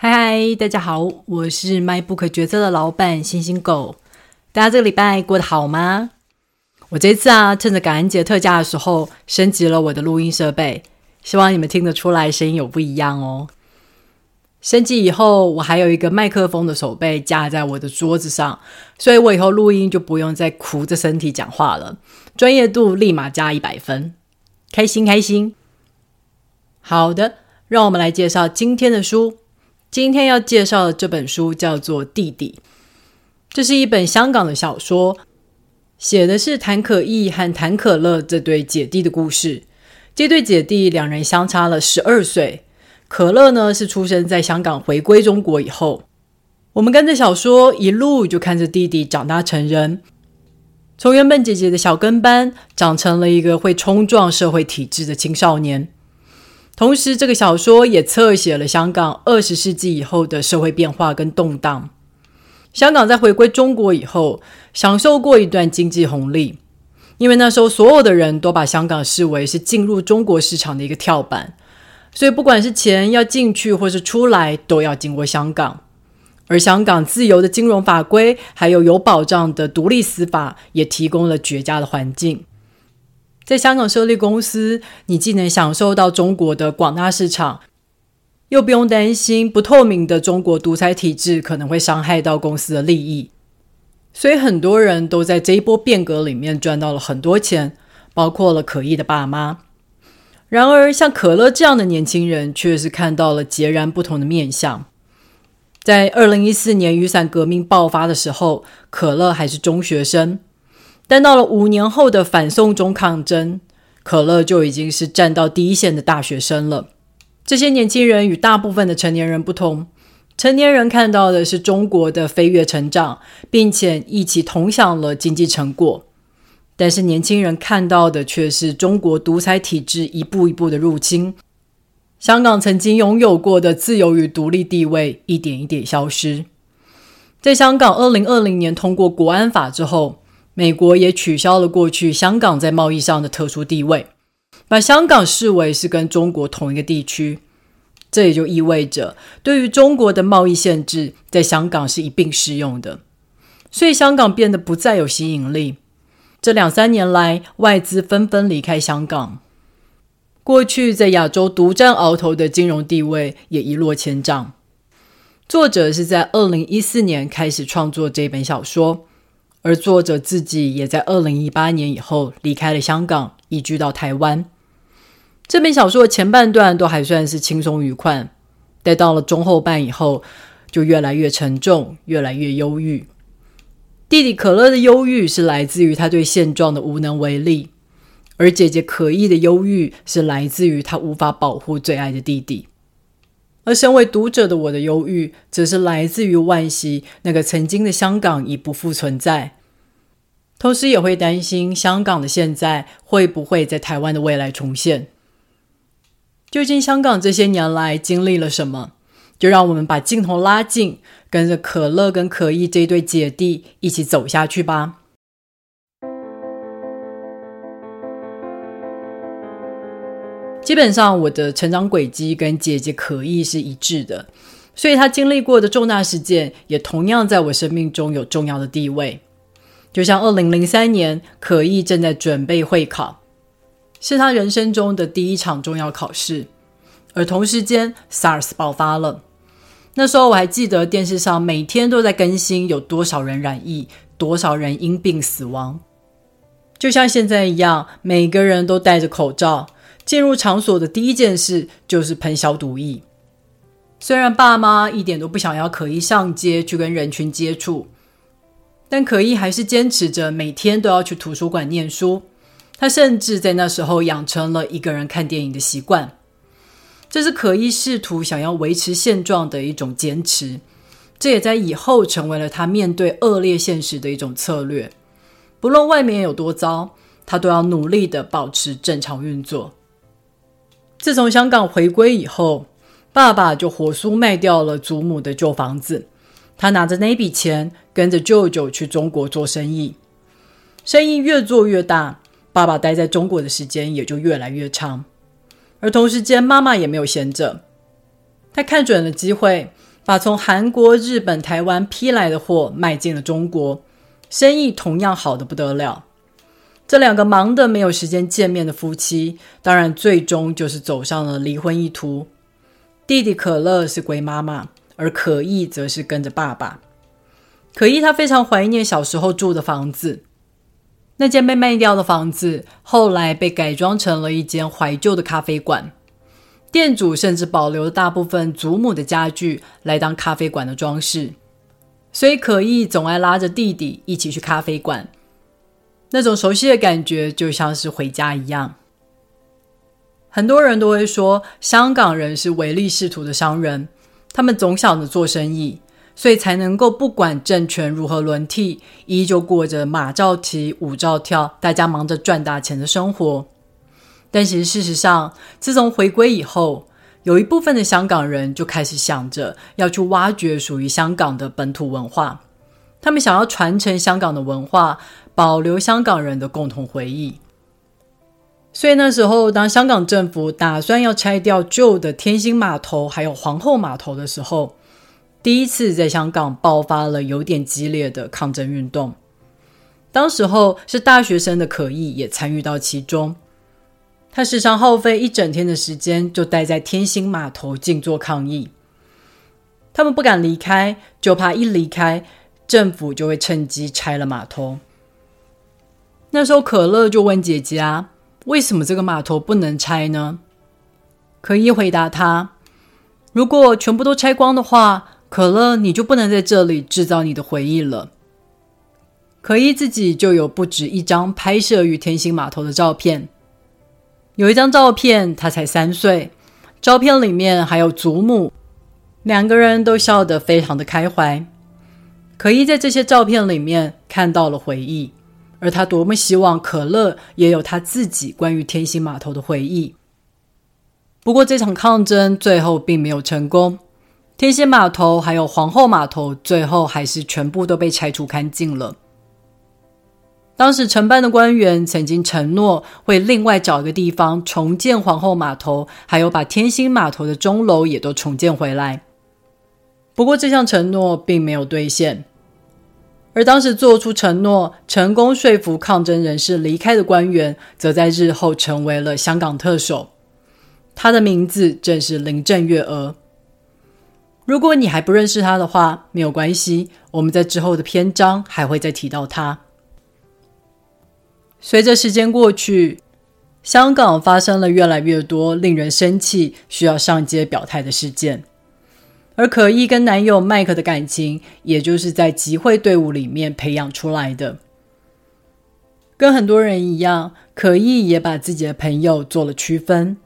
嗨，Hi, Hi, 大家好，我是麥 book 角色的老闆星星狗。大家這個禮拜過得好嗎？我這次啊，趁着感恩節特價的時候升級了我的錄音設備，希望你們聽得出來聲音有不一樣哦。升級以後，我還有一個麥克風的手背架在我的桌子上，所以我以後錄音就不用再苦着身體講話了，專業度立馬加一百分，開心開心。好的，讓我們來介紹今天的書。今天要介紹的這本書叫做《弟弟》，這是一本香港的小說，寫的是譚可意和譚可樂這對姐弟的故事。這對姐弟兩人相差了十二歲，可樂呢是出生在香港回歸中國以後。我們跟着小說一路就看着弟弟長大成人，從原本姐姐的小跟班，長成了一個會衝撞社會體制的青少年。同時，這個小說也側寫了香港二十世紀以後的社會變化跟動盪。香港在回歸中國以後，享受過一段經濟紅利，因為那時候所有的人都把香港視為是進入中國市場的一個跳板，所以不管是錢要進去或是出來，都要經過香港。而香港自由的金融法規，還有有保障的獨立司法，也提供了絕佳的環境。在香港設立公司，你既能享受到中國的廣大市場，又不用擔心不透明的中國獨裁體制可能會傷害到公司的利益。所以很多人都在這一波變革裡面賺到了很多錢，包括了可意的爸媽。然而，像可樂這樣的年輕人卻是看到了截然不同的面向。在二零一四年雨傘革命爆發的時候，可樂還是中學生。但到了五年後的反送中抗爭，可樂就已經是站到第一線的大學生了。這些年輕人與大部分的成年人不同，成年人看到的是中國的飛躍成長，並且一起同享了經濟成果；但是年輕人看到的卻是中國獨裁體制一步一步的入侵，香港曾經擁有過的自由與獨立地位一點一點消失。在香港二零二零年通過國安法之後，美國也取消了過去香港在貿易上的特殊地位，把香港視為是跟中國同一個地區，這也就意味着對於中國的貿易限制，在香港是一併適用的。所以香港變得不再有吸引力，這兩三年來外資紛紛離開香港，過去在亞洲獨占鰲頭的金融地位也一落千丈。作者是在二零一四年開始創作這本小說。而作者自己也在二零一八年以後離開了香港，移居到台灣。這本小說的前半段都還算是輕鬆愉快，但到了中後半以後，就越來越沉重，越來越憂鬱。弟弟可樂的憂鬱是來自於他對現狀的無能為力，而姐姐可意的憂鬱是來自於她無法保護最愛的弟弟。而身為讀者的我的憂鬱，則是來自於惋惜，那個曾經的香港已不復存在，同時也會擔心香港的現在會不會在台灣的未來重現。究竟香港這些年來經歷了什麼？就讓我們把鏡頭拉近，跟着可樂跟可意這對姐弟一起走下去吧。基本上，我的成長軌跡跟姐姐可意是一致的，所以她經歷過的重大事件也同樣在我生命中有重要的地位。就像二零零三年，可意正在準備會考，是她人生中的第一場重要考試。而同時間，SARS 爆發了。那時候我還記得電視上每天都在更新有多少人染疫，多少人因病死亡。就像現在一樣，每個人都戴着口罩。進入場所的第一件事就是噴消毒液。雖然爸媽一點都不想要可意上街去跟人群接觸，但可意還是堅持着每天都要去圖書館唸書。他甚至在那時候養成了一個人看電影的習慣。這是可意試圖想要維持現狀的一種堅持，這也在以後成為了他面對惡劣現實的一種策略。不論外面有多糟，他都要努力的保持正常運作。自從香港回歸以後，爸爸就火速賣掉了祖母的舊房子，他拿着那筆錢跟着舅舅去中國做生意，生意越做越大，爸爸待在中國的時間也就越來越長。而同時間，媽媽也沒有閒着，她看準了機會，把從韓國、日本、台灣批來的貨賣進了中國，生意同樣好得不得了。這兩個忙得沒有時間見面的夫妻，當然最終就是走上了離婚一途。弟弟可樂是歸媽媽，而可意則是跟着爸爸。可意他非常懷念小時候住的房子，那間被賣掉的房子後來被改裝成了一間懷舊的咖啡館，店主甚至保留了大部分祖母的家具來當咖啡館的裝飾，所以可意總愛拉着弟弟一起去咖啡館。那種熟悉的感覺就像是回家一樣。很多人都會說，香港人是唯利是圖的商人，他們總想着做生意，所以才能夠不管政權如何輪替，依舊過着馬照騎，舞照跳，大家忙着賺大錢的生活。但其實事實上，自從回歸以後，有一部分的香港人就開始想着要去挖掘屬於香港的本土文化，他們想要傳承香港的文化。保留香港人的共同回憶，所以那時候，當香港政府打算要拆掉舊的天星碼頭還有皇后碼頭的時候，第一次在香港爆發了有點激烈的抗爭運動。當時候是大學生的可意也參與到其中，他時常耗費一整天的時間就待在天星碼頭靜坐抗議，他們不敢離開，就怕一離開政府就會趁機拆了碼頭。那時候，可樂就問姐姐啊：“為什麼這個碼頭不能拆呢？”可意回答他：“如果全部都拆光的話，可樂你就不能在這裡製造你的回憶了。”可意自己就有不止一張拍攝於天星碼頭的照片，有一張照片他才三歲，照片裡面還有祖母，兩個人都笑得非常的開懷。可意在這些照片裡面看到了回憶。而他多麼希望可樂也有他自己關於天星碼頭的回憶，不過這場抗爭最後並沒有成功，天星碼頭還有皇后碼頭最後還是全部都被拆除乾淨了。當時承辦的官員曾經承諾會另外找一個地方重建皇后碼頭，還有把天星碼頭的鐘樓也都重建回來。不過這項承諾並沒有兌現。而當時做出承諾、成功說服抗爭人士離開的官員，則在日後成為了香港特首，他的名字正是林鄭月娥。如果你還不認識他的話，沒有關係，我們在之後的篇章還會再提到他。隨着時間過去，香港發生了越來越多令人生氣、需要上街表態的事件。而可意跟男友麥克的感情，也就是在集會隊伍裡面培養出來的。跟很多人一樣，可意也把自己的朋友做了區分。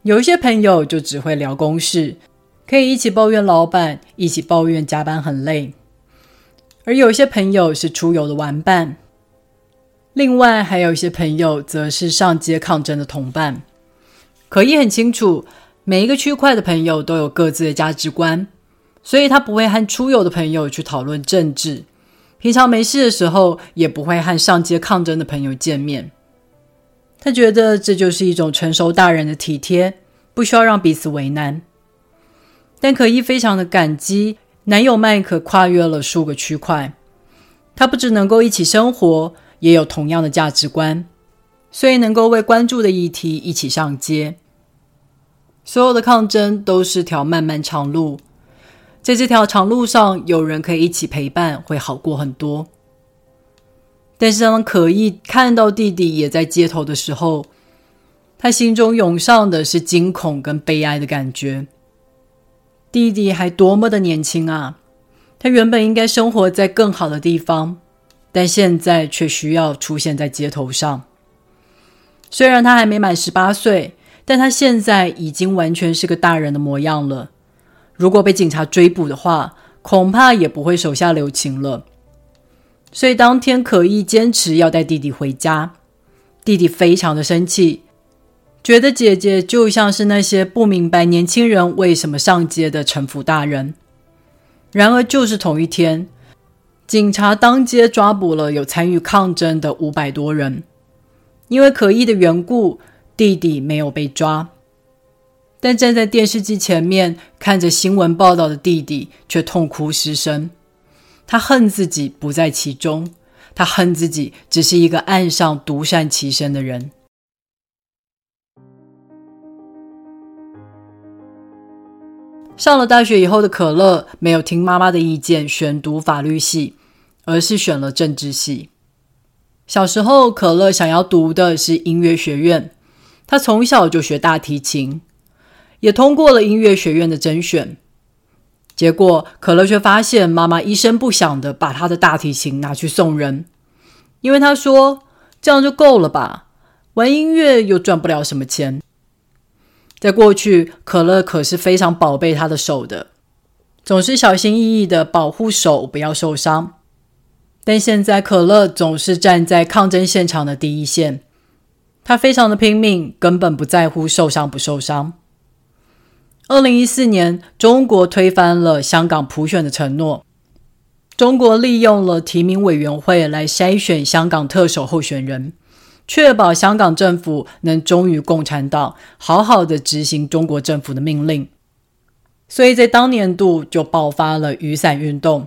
有一些朋友就只會聊公事，可以一起抱怨老闆，一起抱怨加班很累；而有一些朋友是出遊的玩伴。另外還有一些朋友，則是上街抗爭的同伴。可意很清楚。每一個區塊的朋友都有各自的價值觀，所以他不會和出遊的朋友去討論政治，平常沒事的時候也不會和上街抗爭的朋友見面。他覺得這就是一種成熟大人的體貼，不需要讓彼此為難。但可意非常的感激男友麥可跨越了數個區塊，他不只能夠一起生活，也有同樣的價值觀，所以能夠為關注的議題一起上街。所有的抗爭都是條漫漫長路，在這條長路上，有人可以一起陪伴，會好過很多。但是，當可意看到弟弟也在街頭的時候，他心中湧上的是驚恐跟悲哀的感覺。弟弟還多麼的年輕啊！他原本應該生活在更好的地方，但現在卻需要出現在街頭上。雖然他還沒滿十八歲。但他現在已經完全是個大人的模樣了。如果被警察追捕的話，恐怕也不會手下留情了。所以當天可意堅持要帶弟弟回家，弟弟非常的生氣，覺得姐姐就像是那些不明白年輕人為什麼上街的城府大人。然而就是同一天，警察當街抓捕了有參與抗爭的五百多人，因為可意的緣故。弟弟沒有被抓，但站在電視機前面看着新聞報道的弟弟卻痛哭失聲。他恨自己不在其中，他恨自己只是一個岸上獨善其身的人。上了大學以後的可樂沒有聽媽媽的意見選讀法律系，而是選了政治系。小時候，可樂想要讀的是音樂學院。他從小就學大提琴，也通過了音樂學院的甄選。結果，可樂卻發現媽媽一聲不響地把他的大提琴拿去送人，因為他說：“這樣就夠了吧，玩音樂又賺不了什麼錢。”在過去，可樂可是非常寶貝他的手的，總是小心翼翼地保護手，不要受傷。但現在，可樂總是站在抗爭現場的第一線。他非常的拼命，根本不在乎受傷不受傷。二零一四年，中國推翻了香港普選的承諾，中國利用了提名委員會來篩選香港特首候選人，確保香港政府能忠於共產黨，好好的執行中國政府的命令。所以在當年度就爆發了雨傘運動。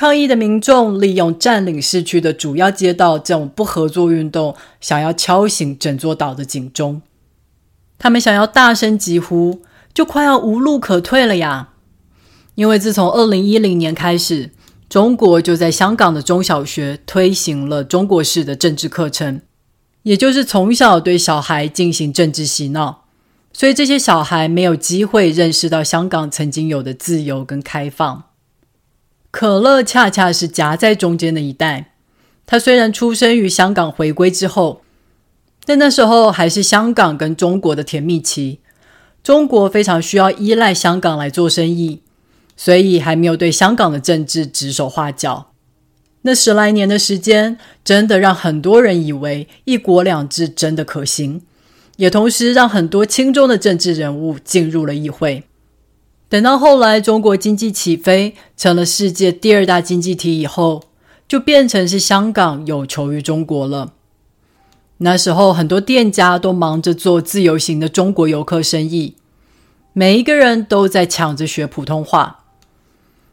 抗議的民眾利用佔領市區的主要街道這種不合作運動，想要敲醒整座島的警鐘。他們想要大聲疾呼，就快要無路可退了呀！因為自從二零一零年開始，中國就在香港的中小學推行了中國式的政治課程，也就是從小對小孩進行政治洗腦，所以這些小孩沒有機會認識到香港曾經有的自由跟開放。可樂恰恰是夾在中間的一代，他雖然出生於香港回歸之後，但那時候還是香港跟中國的甜蜜期，中國非常需要依賴香港來做生意，所以還沒有對香港的政治指手畫腳。那十來年的時間，真的讓很多人以為“一國兩制”真的可行，也同時讓很多親中的政治人物進入了議會。等到後來，中國經濟起飛，成了世界第二大經濟體以後，就變成是香港有求於中國了。那時候，很多店家都忙着做自由行的中國遊客生意，每一個人都在搶着學普通話。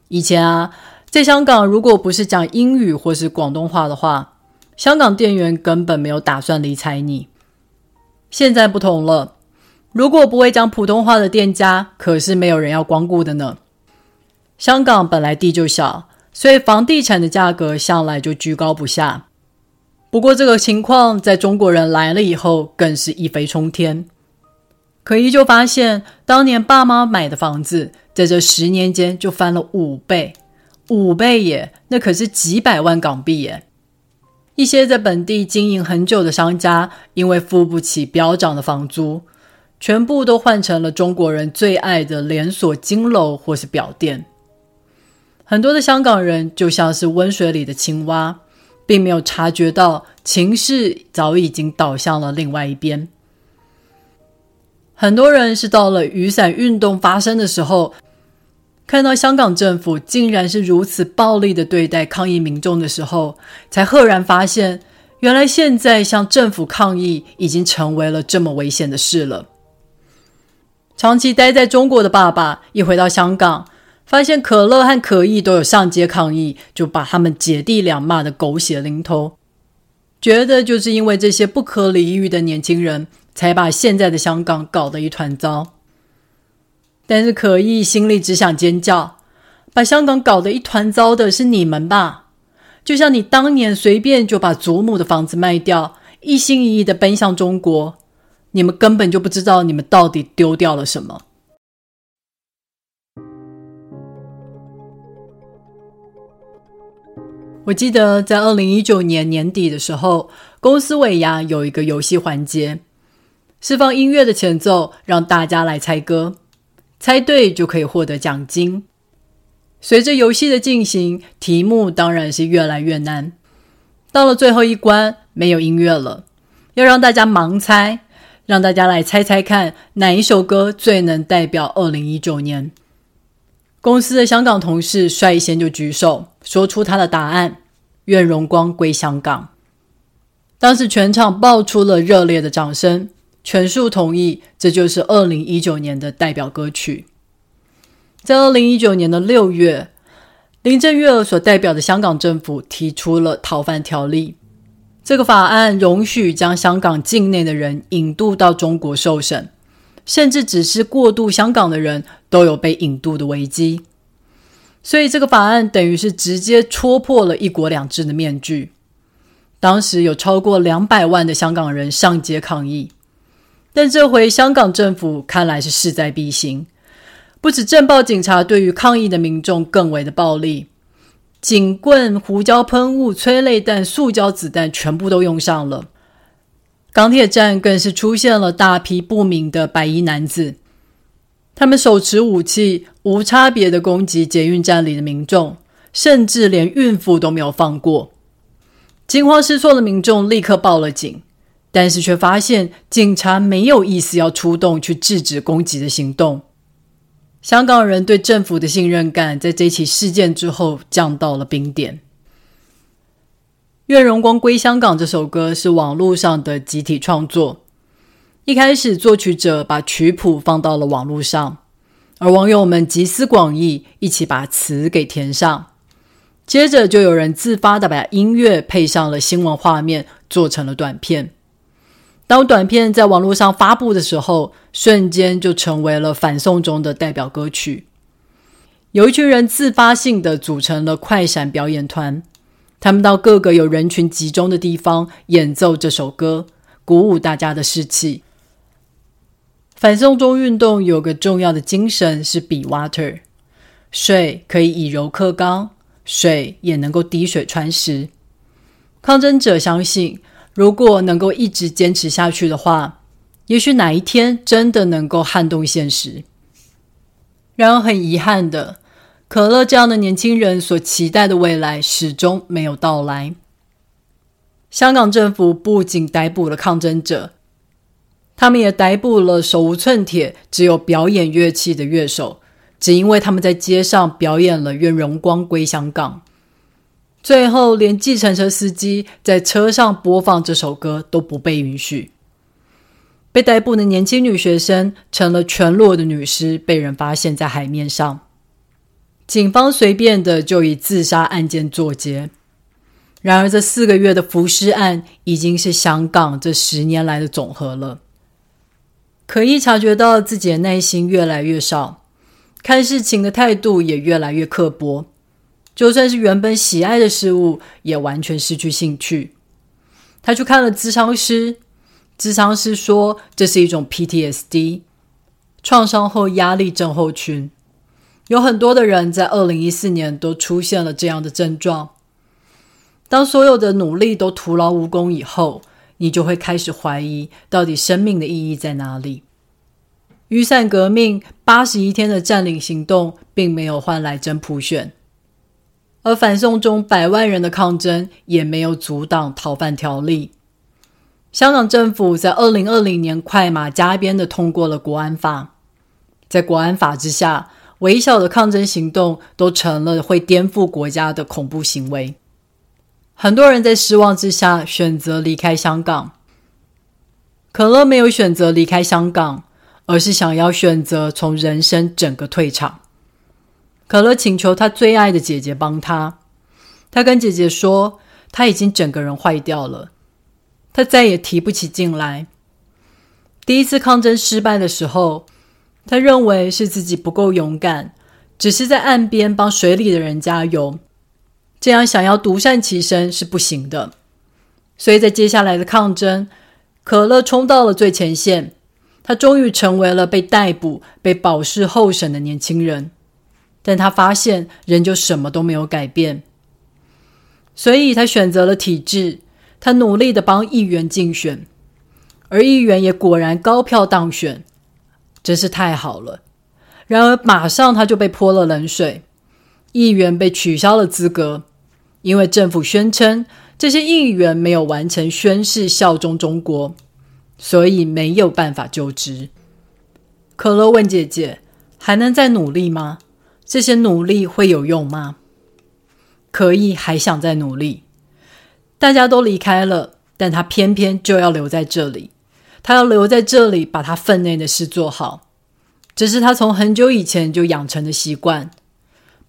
以前啊，在香港，如果不是講英語或是廣東話的話，香港店員根本沒有打算理睬你。現在不同了。如果不會講普通話的店家，可是沒有人要光顧的呢。香港本來地就小，所以房地產的價格向來就居高不下。不過這個情況在中國人來了以後，更是一飛沖天。可意就發現，當年爸媽買的房子，在這十年間就翻了五倍，五倍耶，那可是幾百萬港幣耶。一些在本地經營很久的商家，因為付不起飆漲的房租，全部都換成了中國人最愛的連鎖金樓或是表店。很多的香港人就像是溫水裡的青蛙，並沒有察覺到情勢早已經倒向了另外一邊。很多人是到了雨傘運動發生的時候，看到香港政府竟然是如此暴力的對待抗議民眾的時候，才赫然發現，原來現在向政府抗議已經成為了這麼危險的事了。長期待在中國的爸爸一回到香港，發現可樂和可意都有上街抗議，就把他們姐弟倆罵的狗血淋頭，覺得就是因為這些不可理喻的年輕人，才把現在的香港搞得一團糟。但是可意心裡只想尖叫：把香港搞得一團糟的是你們吧？就像你當年隨便就把祖母的房子賣掉，一心一意的奔向中國。你們根本就不知道，你們到底丟掉了什麼。我記得在二零一九年年底的時候，公司尾牙有一個遊戲環節，釋放音樂的前奏，讓大家來猜歌，猜對就可以獲得獎金。隨着遊戲的進行，題目當然是越來越難。到了最後一關，沒有音樂了，要讓大家盲猜。讓大家來猜猜看，哪一首歌最能代表二零一九年？公司的香港同事率先就舉手，說出他的答案：《願榮光歸香港》。當時全場爆出了熱烈的掌聲，全數同意這就是二零一九年的代表歌曲。在二零一九年的六月，林鄭月娥所代表的香港政府提出了逃犯條例。這個法案容許將香港境內的人引渡到中國受審，甚至只是過渡香港的人都有被引渡的危機。所以這個法案等於是直接戳破了一國兩制的面具。當時有超過兩百萬的香港人上街抗議，但這回香港政府看來是勢在必行，不止政報警察對於抗議的民眾更為的暴力。警棍、胡椒噴霧、催淚彈、塑膠子彈，全部都用上了。港鐵站更是出現了大批不明的白衣男子，他們手持武器，無差別的攻擊捷運站裡的民眾，甚至連孕婦都沒有放過。驚慌失措的民眾立刻報了警，但是卻發現警察沒有意思要出動去制止攻擊的行動。香港人對政府的信任感，在這起事件之後降到了冰點。願榮光歸香港這首歌是網絡上的集體創作。一開始，作曲者把曲譜放到了網絡上，而網友們集思廣益，一起把詞給填上。接着，就有人自發的把音樂配上了新聞畫面，做成了短片。當短片在網絡上發布的時候，瞬間就成為了反送中的代表歌曲。有一群人自發性的組成了快閃表演團，他們到各個有人群集中的地方演奏這首歌，鼓舞大家的士氣。反送中運動有個重要的精神是 be water，水可以以柔克剛，水也能夠滴水穿石。抗爭者相信，如果能夠一直堅持下去的話，也許哪一天真的能夠撼動現實。然而很遺憾的，可樂這樣的年輕人所期待的未來始終沒有到來。香港政府不僅逮捕了抗爭者，他們也逮捕了手無寸鐵、只有表演樂器的樂手，只因為他們在街上表演了《願榮光歸香港》。最後，連計程車司機在車上播放這首歌都不被允許。被逮捕的年輕女學生成了全裸的女屍，被人發現在海面上。警方隨便的就以自殺案件作結。然而，這四個月的浮屍案已經是香港這十年來的總和了。可意察覺到自己的耐心越來越少，看事情的態度也越來越刻薄。就算是原本喜愛的事物，也完全失去興趣。他去看了諮商師，諮商師說，這是一種 PTSD，創傷後壓力症候群。有很多的人在二零一四年都出現了這樣的症狀。當所有的努力都徒勞無功以後，你就會開始懷疑，到底生命的意義在哪裡？雨傘革命八十一天的佔領行動，並沒有換來真普選。而反送中百萬人的抗爭也沒有阻擋逃犯條例。香港政府在二零二零年快馬加鞭地通過了國安法。在國安法之下，微小的抗爭行動都成了會顛覆國家的恐怖行為。很多人在失望之下選擇離開香港。可樂沒有選擇離開香港，而是想要選擇從人生整個退場。可樂請求他最愛的姐姐幫他。他跟姐姐說：“他已經整個人壞掉了，他再也提不起勁來。”第一次抗爭失敗的時候，他認為是自己不夠勇敢，只是在岸邊幫水裡的人加油。這樣想要獨善其身是不行的，所以在接下來的抗爭，可樂衝到了最前線。他終於成為了被逮捕、被保釋候審的年輕人。但他發現仍舊什麼都沒有改變，所以他選擇了體制。他努力地幫議員競選，而議員也果然高票當選，真是太好了。然而馬上他就被潑了冷水，議員被取消了資格，因為政府宣稱這些議員沒有完成宣誓效忠中國，所以沒有辦法就職。可樂問姐姐：“還能再努力嗎？”這些努力會有用嗎？可以，還想再努力。大家都離開了，但他偏偏就要留在這裡。他要留在這裡，把他分內的事做好。這是他從很久以前就養成的習慣。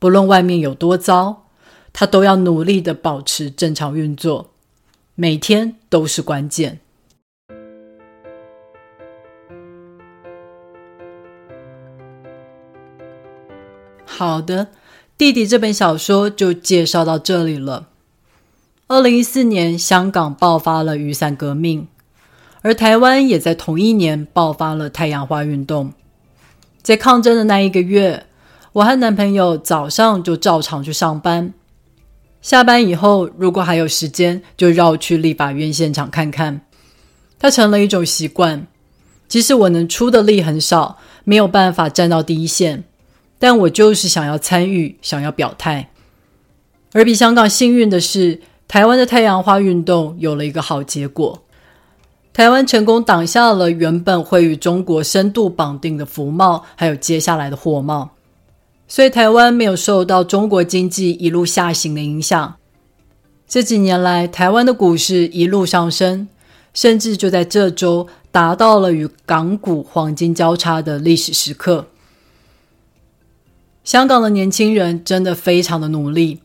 不論外面有多糟，他都要努力地保持正常運作。每天都是關鍵。好的，弟弟，這本小說就介紹到這裡了。二零一四年，香港爆發了雨傘革命，而台灣也在同一年爆發了太陽花運動。在抗爭的那一個月，我和男朋友早上就照常去上班，下班以後如果還有時間，就繞去立法院現場看看。他成了一種習慣，即使我能出的力很少，沒有辦法站到第一線。但我就是想要參與，想要表態。而比香港幸運的是，台灣的太陽花運動有了一個好結果，台灣成功擋下了原本會與中國深度綁定的服貿，還有接下來的貨貿，所以台灣沒有受到中國經濟一路下行的影響。這幾年來，台灣的股市一路上升，甚至就在這週達到了與港股黃金交叉的歷史時刻。香港的年輕人真的非常的努力，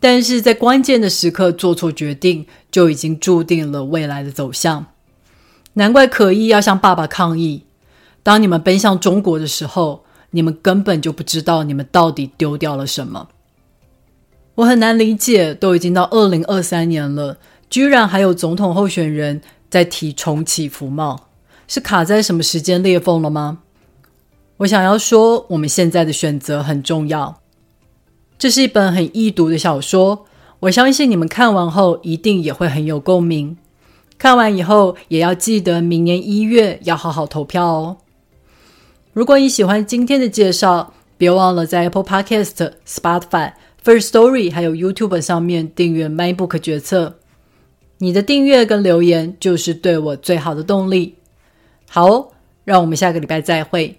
但是在關鍵的時刻做錯決定，就已經注定了未來的走向。難怪可意要向爸爸抗議。當你們奔向中國的時候，你們根本就不知道你們到底丟掉了什麼。我很難理解，都已經到二零二三年了，居然還有總統候選人在提重啟服貿，是卡在什麼時間裂縫了嗎？我想要說，我們現在的選擇很重要。這是一本很易讀的小說，我相信你們看完後一定也會很有共鳴。看完以後，也要記得明年一月要好好投票哦。如果你喜歡今天的介紹，別忘了在 Apple Podcast、Spotify、First Story 還有 YouTube 上面訂閱 My Book 決策。你的訂閱跟留言就是對我最好的動力。好哦，讓我們下個禮拜再會。